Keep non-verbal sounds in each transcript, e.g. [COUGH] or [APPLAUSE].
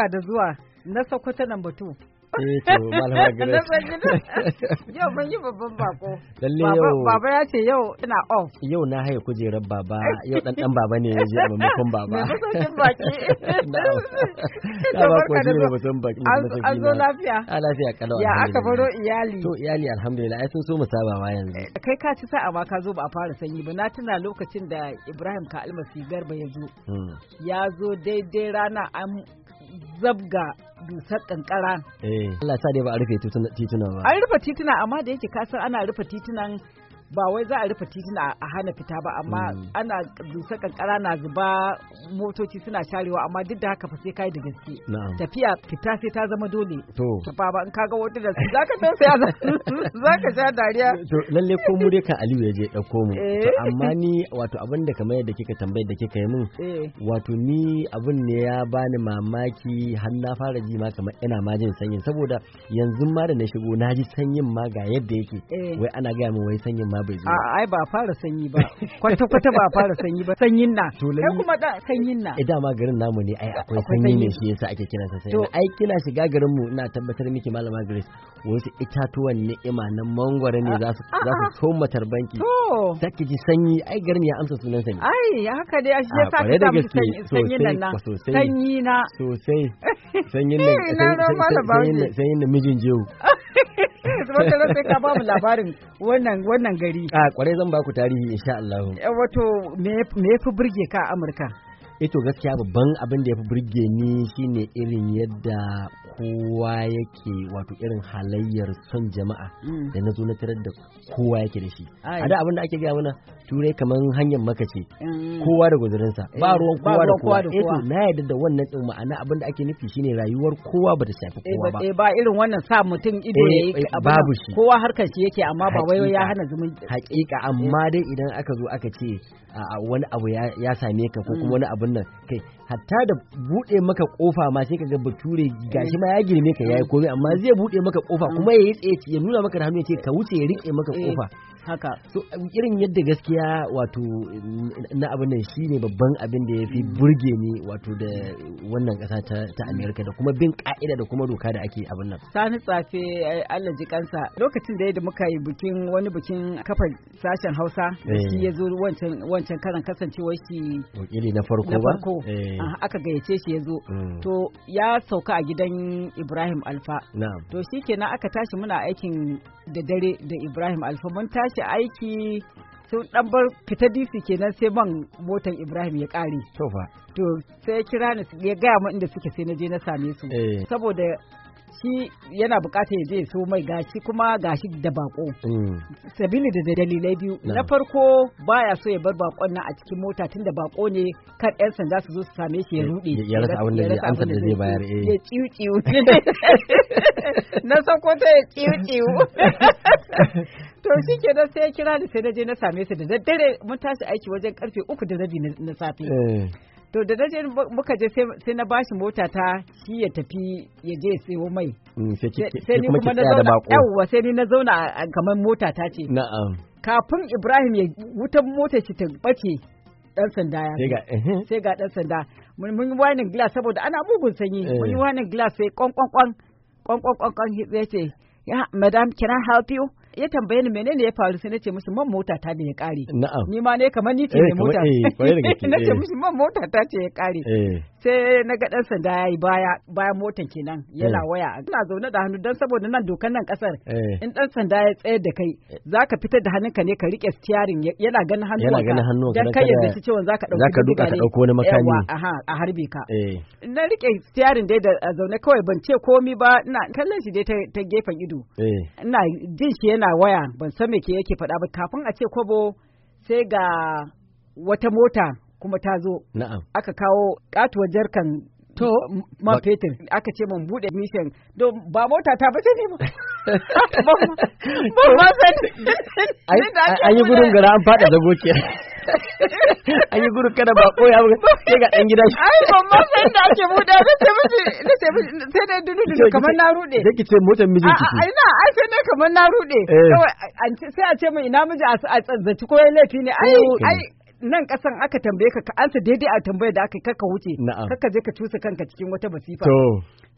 barka da zuwa na Sokoto eh [LAUGHS] nan batu. Yau mun yi babban bako. Lalle yau. Baba ya ce yau ina off. Yau na haye kujerar baba, yau dan dan baba ne ya je a mamakon baba. Me masaukin baki. [LAUGHS] Na bako ko jira mutum baki. An zo lafiya. A ah, lafiya kalau. Ya aka baro iyali. To iyali alhamdulillah ai sun so mu sabawa yanzu. Eh, kai ka ci sa'a ma ka zo ba a fara sanyi ba na tuna lokacin da Ibrahim ka almasi garba ya zo. Hmm. Ya zo daidai rana an zabga dusar kankara. Eh. Allah sa dai ba a rufe tituna ba. An rufe tituna amma da yake kasan ana rufe titunan ba wai za a rufe tituna a hana fita ba amma mm. ana dusa kankara na zuba motoci suna sharewa amma duk da haka fa sai kai da gaske tafiya fita sai ta zama dole to ba in kaga wata da ka san sai [LAUGHS] ka sha dariya to lalle ko mu dai kan Aliyu ya je dauko mu eh. amma ni wato abin da kamar yadda kika tambayar da kika yi min eh. wato ni abin ne ya bani mamaki har na fara ji ma kamar ina ma jin sanyin saboda yanzu ma da na shigo na ji sanyin ma ga yadda yake eh. wai ana ga min wai sanyin ma bai zo a ai ba fara sanyi ba kwata kwata ba fara sanyi ba sanyin na kai kuma da sanyin na eh dama garin namu ne ai akwai sanyi ne shi yasa ake kiransa sanyi to ai kina shiga garin mu ina tabbatar miki malama Grace wasu itatuwan ni'ima na mangwara ne za su za tarbanki to ji sanyi ai garin ya amsa sunan sanyi ai haka dai a shi yasa ka samu sanyin nan na sanyi na sosai [LAUGHS] sanyin eh, na. sanyin na mijin jewu [LAUGHS] wata [LAUGHS] ta sai ka babu labarin wannan wannan gari a kwarai zan baku tarihi insha Allah eh, wato me me fi burge ka a Amurka eh to gaskiya babban abin da ya fi burge ni shine irin yadda kowa yake wato irin halayyar son jama'a mm. da na zo na tarar da kowa yake da shi a da abin da ake gaya mana turai kamar hanyar maka ce mm. kowa da gudurinsa ba eh, ruwan kowa da eh kowa E to na yadda da wannan tsin ma'ana abin da ake nufi shine rayuwar kowa ba ta shafi eh, kowa ba eh ba irin wannan sa mutum ido yayi babu shi kowa harkar shi yake amma ba wai ya hana zumun. hakika amma dai idan aka zo aka ce wani abu ya same ka ko mm. kuma wani abun nan kai hatta da buɗe maka kofa ma sai kaga bature gashi ma ya girme ka yayi komai amma zai buɗe maka kofa kuma ya yi tsaye ya nuna maka da hannu ya ce ka wuce ya rike maka kofa haka so irin yadda gaskiya wato na abin nan shine babban abin da ya fi burge ni wato da wannan kasa ta, ta amerika da kuma bin ka'ida da kuma doka da ake abin nan sani tsafe eh, allah ji kansa lokacin da da muka yi bikin wani bikin kafa sashen hausa shi eh. ya zo wancan karan kasancewa shi wakili na farko ba eh. ah, aka gayyace shi ya zo mm. to ya sauka a gidan ibrahim alfa to shikenan aka tashi muna aikin da dare da ibrahim alfa mun tashi tashi aiki sun dan bar fita DC kenan sai man motan Ibrahim ya kare. To fa. To sai ya kira ni ya gaya min inda suke sai na je na same su. Eh. Saboda shi yana bukata ya je ya so mai gashi kuma gashi da bako. Mm. Sabili da dalilai biyu. Na farko baya so ya bar bakon nan a cikin mota tunda bako ne kan yan sanda su zo su same shi ya rude. Ya rasa abin da zai amsa da zai bayar. Eh. Ya ciu ciu. [LAUGHS] Na san ko ta ya ciu ciu. [LAUGHS] to shi ke da sai ya kira ni sai na je na same su da daddare mun tashi aiki wajen karfe uku da rabi na safe. Eh. To da daddare muka je sai na bashi mota ta shi ya tafi ya je sayo mai. Mm, sai ni kuma na zauna yawwa sai ni na zauna kamar mota ta ce. Na'am. Kafin Ibrahim ya wutan mota shi ta bace dan sanda ya sai ga dan sanda mun yi wani glass saboda ana mugun sanyi mun yi eh. wani glass sai kwankwankwan kwankwankwan ya ce ya madam can I help you? ya tambaye ni menene ya faru sai nace musu man mota ta ne ya kare ni ma ne kamar ni ce eh, mai mota eh, [LAUGHS] nace eh. musu man mota ta ce ya kare sai na ga ɗan sanda ya yi baya bayan motan kenan yana eh. waya ina zaune da hannu don saboda nan dokan nan kasar eh. in ɗan sanda ya tsaye da kai eh. za ka fitar da hannunka ne ka riƙe stiyarin yana ganin hannu don kai ya ci cewa za ka duka ka ɗauko wani makami a harbe ka na riƙe stiyarin dai da zaune kawai ban ce komi ba ina kallon shi dai ta gefen ido ina jin shi yana waya ban san me ke yake faɗa ba kafin a ce kobo sai ga wata mota kuma ta zo na'am aka kawo katuwar jarkan to man fetur aka ce man bude mission don ba mota ta bace ne ba [LAUGHS] ba ma san an yi gudun gara an fada zago ke an yi gudun kada ba koya ba sai ga dan gidan ai ba ma san da ake buɗe ba ce miji na ce miji sai na dudu dudu kamar na rude sai ki ce motar mijin ki ai na ai sai na kamar na rude eh. sai a ce min ina miji a ko laifi ne ai ai nan kasan aka tambaye ka ka ansa daidai a tambayar da aka yi kaka wuce kaka je ka cusa kanka cikin wata masifa to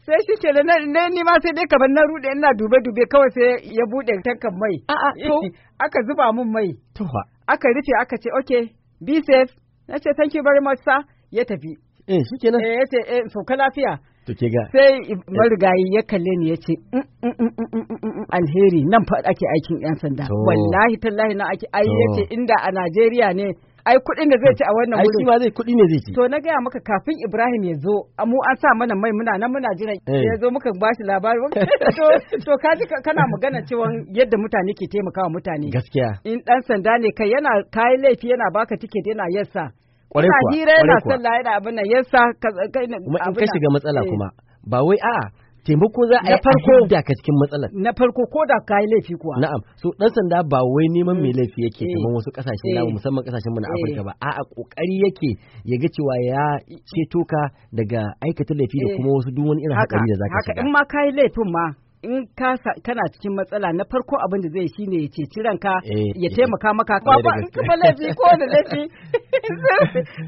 sai shi ke na ni ma sai dai kamar na rude ina dube dube kawai sai ya bude tankan mai a'a to [LAUGHS] aka zuba mun mai to aka rufe aka ce okay be safe na ce thank you very much sir ya tafi eh shikenan eh yace eh sauka lafiya to ke ga sai eh. marigayi ya kalle ni ya ce mm, mm, mm, alheri nan fa ake aikin yan sanda wallahi tallahi na ake ai yace inda a Najeriya ne ai kuɗin da zai ci a wannan wurin. Ai shi ma zai kuɗi ne zai ci. To na gaya maka kafin Ibrahim ya zo mu an sa mana mai muna nan muna jira eh. ya zo muka ba shi labari. [LAUGHS] To ka ji kana magana cewa yadda mutane ke taimakawa mutane. Gaskiya. In dan sanda ne kai yana kayi laifi yana baka tiket yana yassa. Kwarai kuwa. hira yana sallah yana abin nan yassa. Kuma in ka shiga matsala eh. kuma. Ba wai a'a taimako za a yi farko da cikin matsalar na farko ko da ka yi laifi kuwa na'am so dan sanda ba wai neman mai laifi yake eh. kamar wasu kasashen eh. namu musamman kasashen mu na eh. Afirka ba a'a kokari yake ya ga cewa ya ceto ka daga aikata laifi da kuma wasu duk wani irin hatsari da zaka shiga haka in ma ka yi laifin ma in ka kana cikin matsala na farko abin da zai shine ya ceci ranka eh, ya taimaka maka eh, eh, ka ba in kuma laifi ko da laifi [LAUGHS]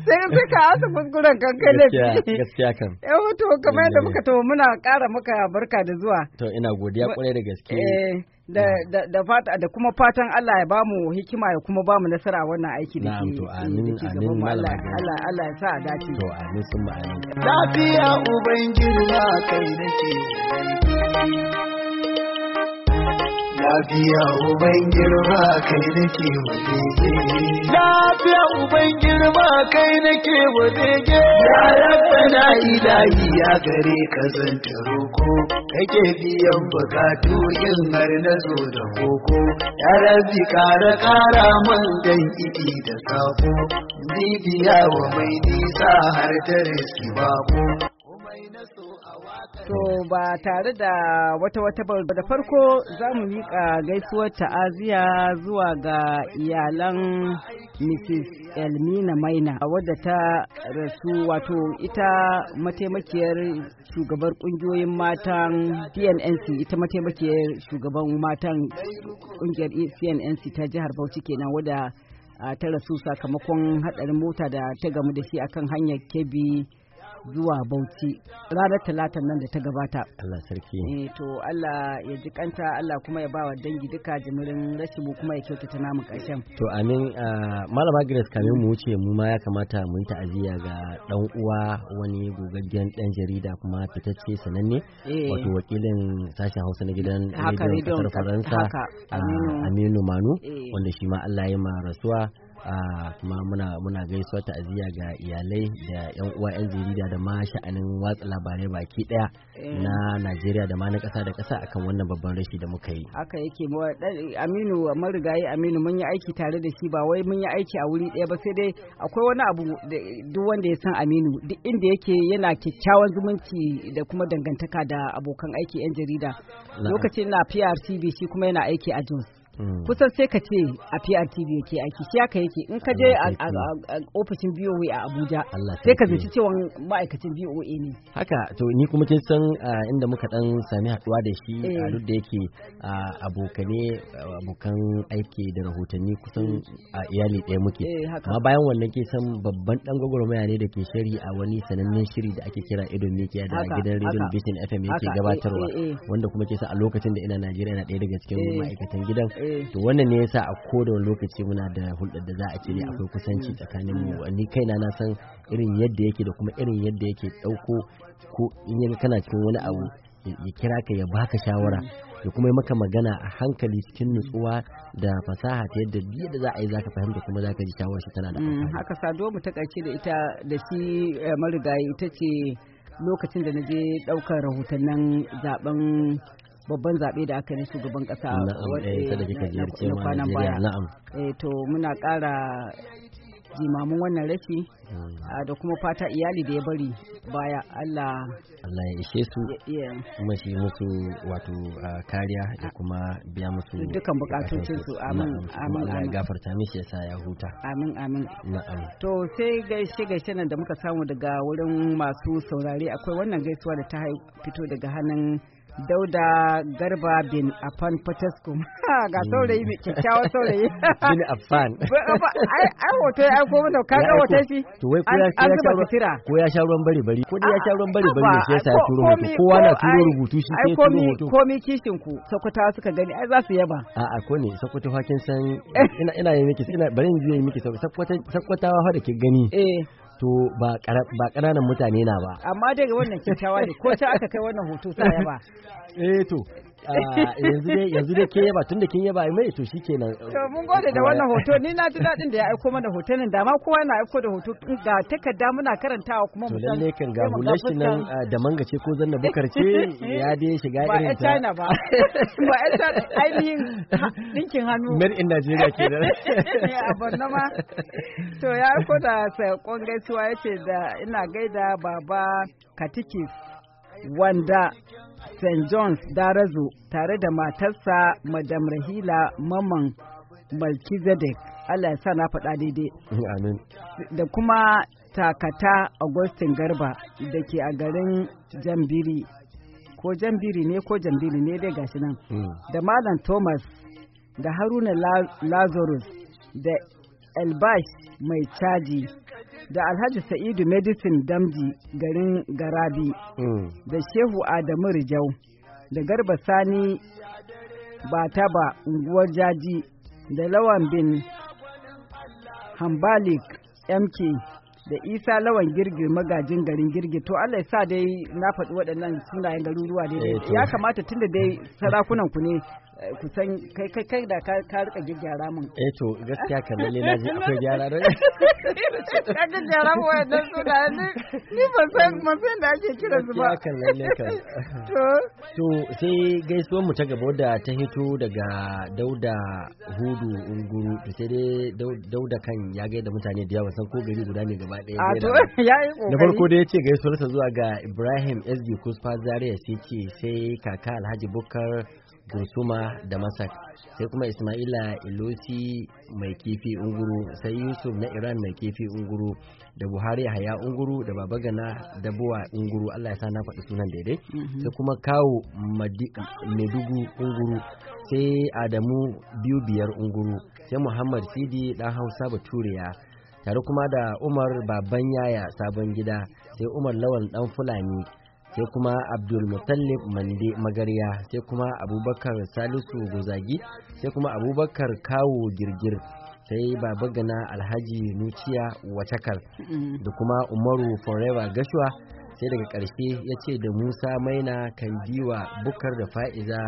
sai sai ka asa kuskuren kan kai laifi gaskiya kan [LAUGHS] eh to kamar da muka to muna ƙara maka barka da zuwa to ina godiya kwarai da gaske da da fata da kuma fatan Allah ya bamu hikima ya kuma bamu nasara a wannan aiki da ke to amin amin Allah Allah ya sa a dace to amin sun amin lafiya ubangiji girma kai nake lafiya uban girma kai nake wadege lafiya uban girma kai nake wadege ya na ilahi ya gare ka zanta roko kake biyan bukatu in har na zo da koko ya rabbi kara kara man dan idi da sako bibiya wa mai nisa har ta riski To ba tare da wata wata ba da farko za mu miƙa gaisuwar ta'aziya zuwa ga iyalan Mrs. Elmina Maina wadda ta rasu wato ita mataimakiyar shugabar kungiyoyin matan CNNC ita mataimakiyar shugaban matan kungiyar CNNC ta jihar Bauchi kenan wadda ta rasu sakamakon hadarin mota da ta gamu da shi akan hanyar Kebbi zuwa Bauchi ranar talatan nan da ta gabata. Allah sarki. Eh to Allah ya ji kanta Allah kuma ya bawa dangi duka jimirin rashin mu kuma ya kyautata namu ƙarshen. To amin ah, malama Grace kamin mu wuce mu ma ya kamata mu yi ta'aziyya ga dan uwa wani gogaggen dan jarida kuma fitacce sananne eh. wato wakilin sashen Hausa na gidan rediyon Faransa ah, Aminu Manu eh. wanda shi ma Allah ya yi ma rasuwa. kuma muna muna gaisuwa ta'aziyya ga iyalai da yan uwa yan jarida da ma sha'anin watsa labarai baki daya eh. na Najeriya da ma na kasa da kasa akan wannan babban rashi da muka yi haka yake eh, Aminu marigayi Aminu mun yi aiki tare da shi ba wai mun yi aiki a wuri daya ba sai dai akwai wani abu duk wanda ya san Aminu duk inda yake yana kyakkyawan zumunci da kuma dangantaka da abokan aiki yan jarida lokacin na PRCB shi kuma yana aiki a Jos Mm. kusan sai ka ce a PRTV yake aiki shi aka yake in ka je a mm. ofishin BOA a Abuja sai ka zaci cewa ma'aikacin BOA ne haka to ni kuma kin san inda muka dan sami haduwa da shi a eh. duk da yake abokane abokan aiki da rahotanni kusan a iyali ɗaya muke eh, amma bayan wannan ke san babban dan gwagwarmaya ne da ke shari a wani sanannen shiri da ake kira Idon Mikiya da gidan Radio Vision FM yake eh, gabatarwa wanda kuma ke sa a lokacin da ina Najeriya na ɗaya daga cikin ma'aikatan gidan Eh. to wannan ne yasa a koda lokaci muna da hulɗar da za a ce ne mm. akwai kusanci mm. tsakanin mu mm. ni kaina na san irin yadda yake da kuma irin yadda yake ɗauko ko in kana cikin wani abu ya kira ka ya baka shawara ya kuma maka magana a hankali cikin nutsuwa da fasaha ta yadda biyu da za a yi zaka fahimta kuma zaka ji shawarar shi tana da haka sadu mu ta karshe da ita da shi eh, marigayi ita ce lokacin da na je ɗaukar rahotannin zaben babban zaɓe da aka yi shugaban ƙasa eh, na kwanan baya eh, to muna ƙara jimamin wannan rashi ah, da kuma fata iyali da ya bari baya Allah Allah ya ishe su kuma shi musu wato ah, kariya da kuma biya musu dukkan bukatocin su amin amin Allah ya gafarta mishi yasa ya huta amin amin na'am to sai gaishe gaishe nan da muka samu daga wurin masu saurare akwai wannan gaisuwa da ta fito daga hannun dauda garba bin afan fataskum [LAUGHS] ga hmm. saurayi mai kyakkyawan saurayi [LAUGHS] bin afan [LAUGHS] ai hoto ya aiko mana ka ga hoto shi to wai ko ya sha ruwan bari bari ko ya sha ruwan bari bari ne sai ya turo hoto kowa na turo rubutu shi sai turo hoto komi kishin ku sakwatawa suka gani ai za su yaba a a ko ne sakwatawa kin san eh. ina ina yi miki ina bari in je miki sakwatawa fa da ke gani eh to ba ƙananan mutane na ba amma daga wannan kyakkyawa ne ko ta aka kai wannan hoto ta yaba [LAUGHS] eh to Ah, yanzu dai ke yaba tun da kin yaba mai to shikenan to mun gode da wannan hoto ni na ji daɗin da ya aiko mana hotonin da ma kowa yana aiko da hoto ga takarda muna karantawa kuma mu san kan ga hulashi nan ah, da mangace ko zanna bukar ce ya dai shiga irin ta ba China ba [LAUGHS] ba ita ainihin dinkin hannu men in Najeriya ke da [LAUGHS] a Borno ma to ya aiko da sakon gaisuwa yace da ina gaida baba Katikis wanda St. John's Darazo tare da matarsa Madam Rahila Maman Malkizedek. Allah ya sa na faɗa daidai. [LAUGHS] Amin. Da kuma takata augustin Garba da ke a garin Jambiri. Ko Jambiri ne ko Jambiri ne dai gashi nan. Hmm. Da Malam Thomas da Haruna Lazarus da elbash mai caji da alhaji sa'idu medicine damji garin garabi hmm. da shehu adamu rijau da garba sani bataba unguwar jaji da lawan bin hambalik mk da isa lawan girgir magajin garin girgir to allah ya sa dai na faɗi waɗannan sunayen garuruwa dai eh, ya kamata tunda dai sarakunan ku ne kusan kai kai kai da ka rika gyara mun eh to gaskiya kan lalle na ji akwai gyara rai [LAUGHS] ka gyaggyara mu wannan su da ni ba san ma san da ake kira su ba kan lalle kan [LAUGHS] to to sai gaisuwar mu ta gaba da ta hito daga Dauda Hudu Unguru to sai dai Dauda kan ya da mutane da yawa san ko gari guda ne gaba daya. a to yayi kokari na [LAUGHS] farko da yace gaisuwar sa zuwa ga Ibrahim SG Kuspa Zaria sai ce sai kaka Alhaji Bukar Gursuma da Masak sai kuma Ismaila Ilosi mai kifi unguru sai Yusuf na Iran mai kifi unguru da Buhari Haya unguru da Babagana da Buwa unguru Allah ya sa na faɗi sunan daidai mhm. sai kuma Kawo Medugu unguru sai Adamu biyu biyar unguru sai Muhammad Sidi dan Hausa Baturiya tare kuma da Umar Baban Yaya sabon gida sai Umar Lawal dan Fulani sai kuma abdul mutallib mande magarya sai kuma abubakar salisu gozagi sai kuma abubakar kawo girgir sai baba gana alhaji nuciya wacakal da kuma umaru forever gashuwa sai daga ƙarshe ya ce da musa maina kan wa bukar da fa'iza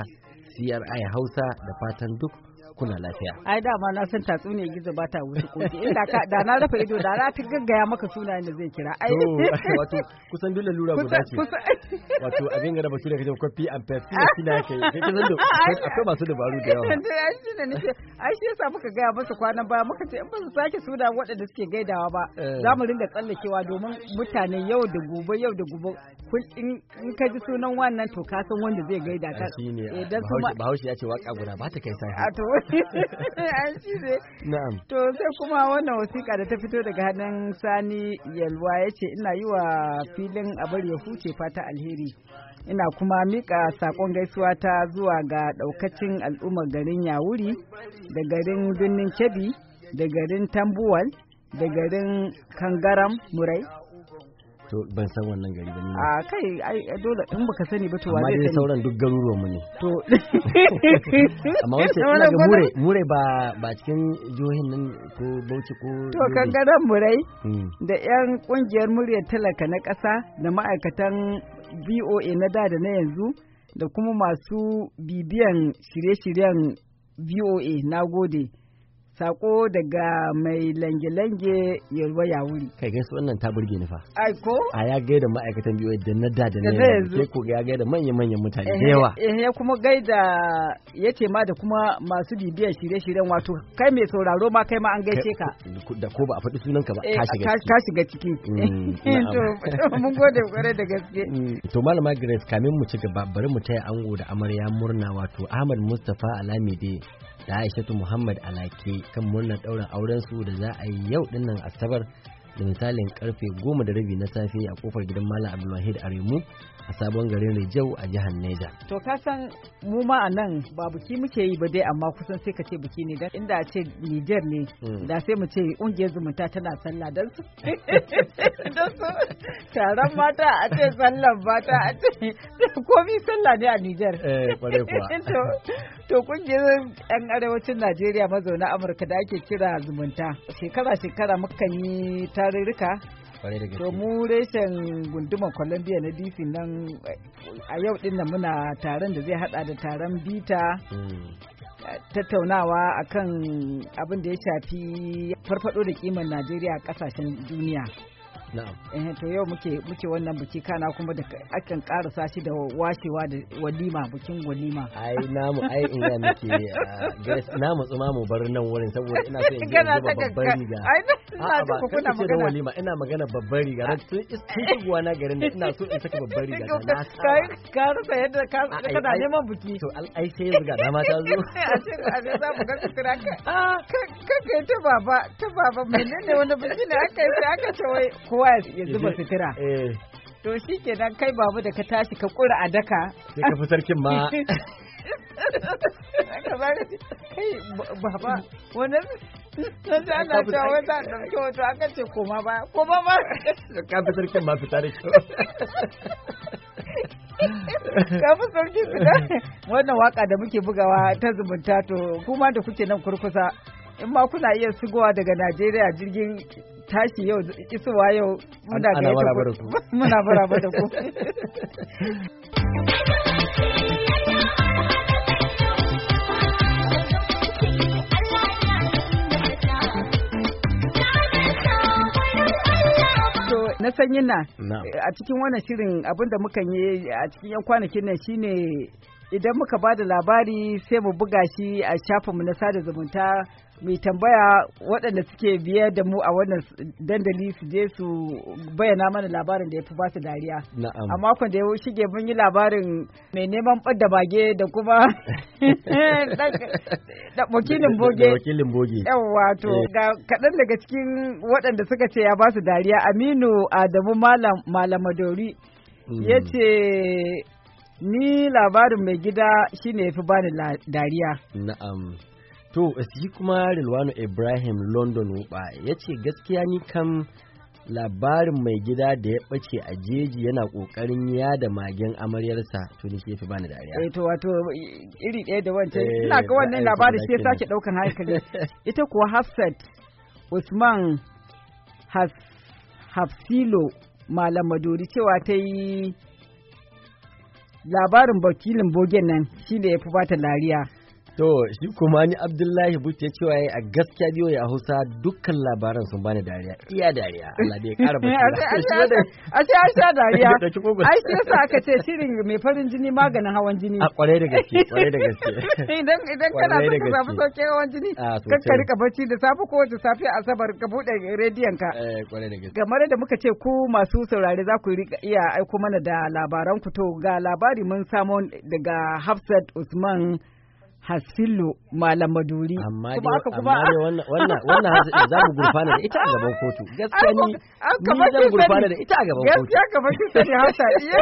cri hausa da fatan duk kuna lafiya. Ai da ma na san tatsuniyar gizo ba ta wuce koki inda ka da na rafa ido da na ta gaggaya maka sunayen da zai kira. Ai wato kusan dole lura guda ce. Wato abin ga da bature kaje kofi and pepsi da kina kai. Kai kusan da akwai masu dabaru da yawa. Ai shi ne nake ai shi yasa muka gaya musu kwanan baya muka ce in ba su sake suna waɗanda suke gaidawa ba eh. za mu ringa tsallakewa domin mutane yau da gobe yau da gobe kun in ka ji sunan wannan to ka san wanda zai gaida ta. Shi ne. Eh, Bahaushe ya ce waka guda ba ta kai sai. an shi ne na'am to sai kuma wannan wasiƙa da ta fito daga hannun sani yalwa ya ce ina yi wa filin abar ya huce fata alheri ina kuma mika sakon gaisuwa ta zuwa ga ɗaukacin al'ummar garin yawuri da garin birnin kebi da garin tambuwal da garin kangaram murai to ban san wannan gari ba ne a kai ai dole in baka sani ba to wa zai sauran duk garuruwan mu ne to [LAUGHS] amma wace ina ga mure [LAUGHS] mure ba ba cikin jihohin nan ko Bauchi ko to kankaran murai hmm. da yan kungiyar muryar talaka na ƙasa da ma'aikatan BOA na da da na yanzu da kuma masu bibiyan shirye-shiryen BOA na gode. sako daga mai lange-lange yalwa ya wuri. Kai gaisu wannan ta burge ni fa. Ai ko? A ya gaida ma'aikatan biyu da na da da na yanzu. Sai ko ya gaida manya-manyan mutane da eh, yawa. Eh kuma gaida ya ce ma da kuma masu bibiyar shirye-shiryen wato kai mai sauraro ma kai ma an gaishe ka. Da ko ba a faɗi sunan ka ba eh, ka shiga ciki. Ka shiga ciki. Mm, [LAUGHS] eh, to mun gode kwarai da gaske. Mm. To malama Grace kamin mu ci gaba bari mu taya ango da amarya murna wato Ahmad Mustapha Alamide da Aishatu Muhammad Alake kan murnar ɗaurin auren su da za a yi yau dinnan Asabar da misalin karfe goma da rabi na safe a kofar gidan Malam Abdulwahid Aremu a sabon garin Rijau a jihar Niger. To ka san mu ma a nan ba buki muke yi ba dai amma kusan sai ka ce biki ne dan inda a ce Niger ne hmm. da sai mu ce ungiyar zumunta tana sallah [LAUGHS] dan su taron mata a ce sallan mata a ce [LAUGHS] komi sallah ne a Niger. Eh kware kuwa. [LAUGHS] To kungiyar yan arewacin Najeriya mazauna Amurka da ake kira zumunta shekara shekara mukan yi ta yarurruka to mu reshen gundumar columbia na dc nan a yau din nan muna taron da zai hada da taron bita hmm. tattaunawa akan abin da ya shafi farfado da kimar najeriya a kasashen duniya na'am eh, to yau muke muke wannan buki kana kuma da akan karasa shi da washewa da walima bukin walima ai namu ai in ga nake [LAUGHS] ah, namu tsuma mu bar nan wurin saboda ina so in ji babban riga ai na ta kuna magana walima ina magana babban riga na tun tun na garin da ina so in saka babban riga na [LAUGHS] ka karasa yadda ka kana neman buki to ai sai riga da mata zo [LAUGHS] a ce a za mu ga kutura ka ka ta baba ta baba menene wanda buki ne aka yi aka ce wai ko kowa ya zuba sutura eh. to shi kenan kai babu da ka tashi ka kura a daka sai ka fi sarkin ma [LAUGHS] kai baba wani na ta ana cewa wata ɗauki wato aka ce koma ba koma ba [LAUGHS] ka fi sarkin ma fita da kyau [LAUGHS] fi sarkin fita wannan waka da muke bugawa ta zumunta to kuma da kuke nan kurkusa in ma kuna iya sigowa daga najeriya jirgin tashi yau isuwa yau muna ku. muna baraba da ku [LAUGHS] [LAUGHS] na san yana a cikin wannan shirin abin da muka yi a cikin yan kwanakin nan shine idan muka ba da labari sai mu buga shi a shafinmu na sada zumunta mai tambaya waɗanda suke biye da mu a wannan dandali su je su bayyana mana labarin da ya fi ba su dariya. Na'am. A makon da ya shige mun yi labarin mai neman ɓadda bage da kuma [LAUGHS] wakilin boge. Da wakilin boge. Yawwa to eh. ga kaɗan daga cikin waɗanda suka ce ya ba su dariya Aminu Adamu Malam Malamadori. Mm. Ya ce ni labarin mai gida shine ya fi bani dariya. Na'am. To, shi kuma Rilwano Ibrahim London ba ya ce gaskiya ni kam labarin mai gida da ya ɓace a jeji yana ƙoƙarin ya da magen amaryarsa to ni fi bani dariya. Eh to wato iri ɗaya da wancan eh, ina ga wannan labarin sai sake ɗaukan hankali. [LAUGHS] Ita kuwa Hafsat Usman Hafsilo Malam Maduri cewa ta yi labarin bakilin bogen nan shi ne ya fi bata lariya. To shi kuma ni Abdullahi Bush ya cewa a gaskiya biyo ya Hausa dukkan labaran sun bani dariya. Iya dariya. Allah bai kara basira. A ce an sha dariya. [LAUGHS] Ai shi yasa aka ce shirin mai farin jini maganin hawan jini. A kwarai da gaske, kwarai da gaske. [LAUGHS] Idan idan kana son ka samu sauke hawan jini, kan ka rika bacci da safe ko wace safiya asabar ka bude rediyon ka. Eh kwarai da gaske. Kamar da muka ce ku masu saurare za ku iya aiko mana da labaran ku to ga labari mun samu daga Hafsat Usman. Hasillu Malam Maduri. Amma wannan wannan eh, za mu gurfana da ita a gaban kotu. Gaskiya ni ni zan gurfana da ita a gaban kotu. Gaskiya kamar kin sani hasa iya.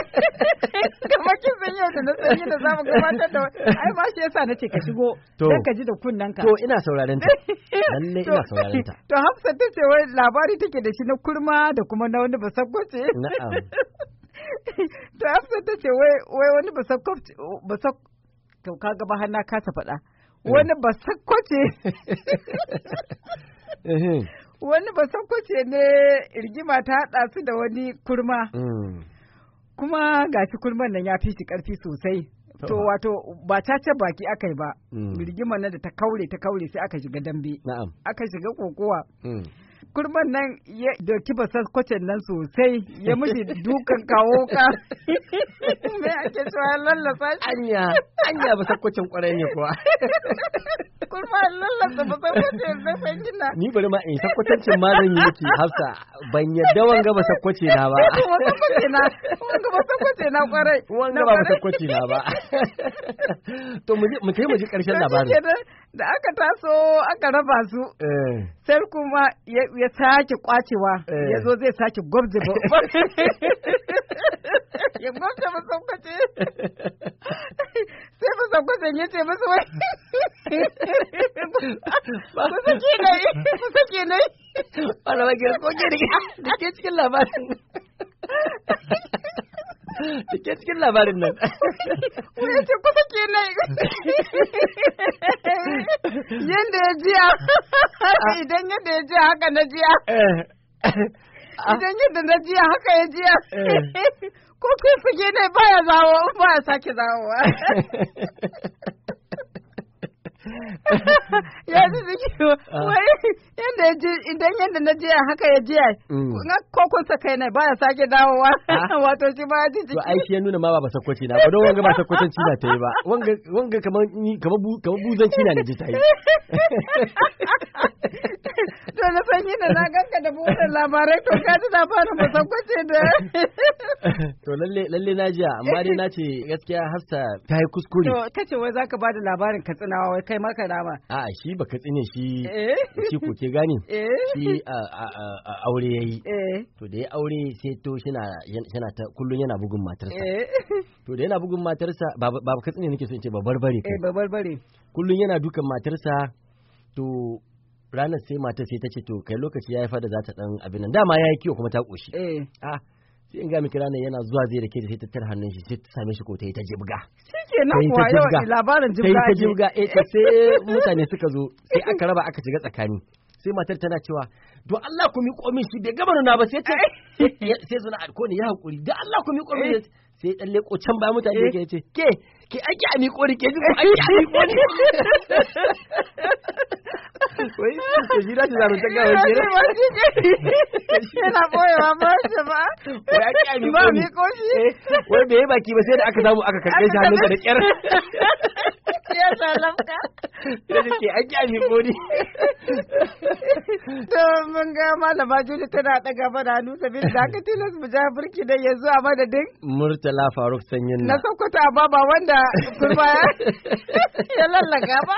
[LAUGHS] Kamar kin sani yau da na sani da za mu gabatar da ai ma shi yasa na ce ka shigo. To ka ji da kunnen ka. To ina sauraron ta. Lalle ina [LAUGHS] sauraron ta. To Hafsa ta ce wai labari take da shi na kurma da kuma na wani basakwace. Na'am. [LAUGHS] To Hafsa ta ce wai wani basakwace to ka gaba hana na kasa faɗa eh. wani ba sakkwace [LAUGHS] wani ba sakkwace ne irgima ta haɗa su da wani kurma mm. kuma gashi kurman nan ya fi shi ƙarfi sosai To wato ba cace baki aka yi ba, mm. irgima nan da ta kaure ta kaure sai aka shiga dambe. Aka shiga kokowa. Mm. kurman nan ya doki basas kwacen nan sosai ya mishi dukan kawo ka [LAUGHS] me ake cewa ya lallasa shi anya anya basas kwacen kwarai ne kuwa [LAUGHS] kurma lallasa basas kwacen zai san gina ni bari ma in sakwatancin ma zan yi miki hafsa ban yadda wanga basas kwace na ba wanga basas kwace na kwarai wanga ba basas na ba to mu je mu je karshen labarin da aka taso aka raba su eh. sai kuma ya sake kwacewa eh. ya zo zai sake ba [LAUGHS] ya gwabza masaukace sai masaukacen ya ce masu wai ku sake nai ku sake nai wala ba ko ke da ke cikin labarin [LAUGHS] Dake cikin labarin nan. Ya ce kusa ke nan. Yanda ya jiya. Idan yadda ya jiya haka na jiya. Idan yadda na jiya haka ya jiya. Ko kai fage ne baya zawo baya sake zawo. [LAUGHS] ya ji jiki ah. wai yadda ya ji idan yadda na jiya haka ya jiya mm. na kokunsa kai na baya sake dawowa ah. [LAUGHS] wato shi ba ya ji jiki to ai shi ya nuna ma ba sakwaci na ba don wanga ba sakwacin cina ta yi ba [LAUGHS] wanga kamar buzan cina ne ji ta yi to na san yadda na ganka da buɗe labarai to ka ji labarin ba sakwace da to lalle lalle na jiya amma dai na ce gaskiya hasta ta yi kuskure to ta ce wai zaka ba da labarin katsinawa wai kai maka nama a shi baka tsine shi eh. shi kuke gani [LAUGHS] eh. shi aure yayi eh. to da ya aure sai to shina ta kullun yana bugun matarsa [LAUGHS] to da yana bugun matarsa ba baka tsine nake so in ce ba barbare kai ba barbare kullun yana dukan matarsa to ranar sai matar sai ta ce to kai lokaci ya yi fada za ta dan abin nan dama yi kiwo kuma ta koshi eh a ah, sai in gami miki yana zuwa zai da ke da ta tara hannun shi sai ta same shi ko ta yi ta jibga shi ke nan kuwa yau labarin jibga ta yi ta jibga eh sai mutane suka zo sai aka raba aka shiga tsakani sai matar tana cewa don Allah ku miƙo min shi bai gaba nuna ba sai ce sai zuna ko ne ya hakuri don Allah ku miƙo min eh. sai dan leko can ba mutane eh. ke ce ke ke ake a miƙo ni ke ji ake a miƙo ni [LAUGHS] wai to shi dace ta gawa ke yana boyewa ba shi ba wai ake mi koshi wai bai yi baki ba sai da aka samu aka karɓe ya salamka malama Juli tana daga mana hannu sabida da tilas mu da yanzu a madadin Murtala Faruk Sanyin na Sokoto a baba wanda kurma ya lallaka ba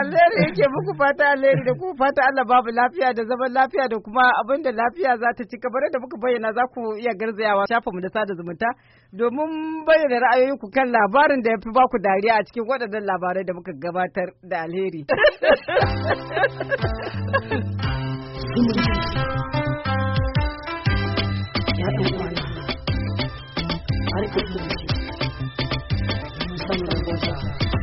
alheri yake muku fata alheri da kuma fata Allah babu lafiya da zaman lafiya da kuma abin da lafiya za ta ci kamar da muka bayyana za ku iya garzayawa mu da sada zumunta domin bayyana ra'ayoyinku kan labarin da ya fi baku dariya a cikin waɗannan labarai da muka gabatar da alheri. Thank [LAUGHS] you.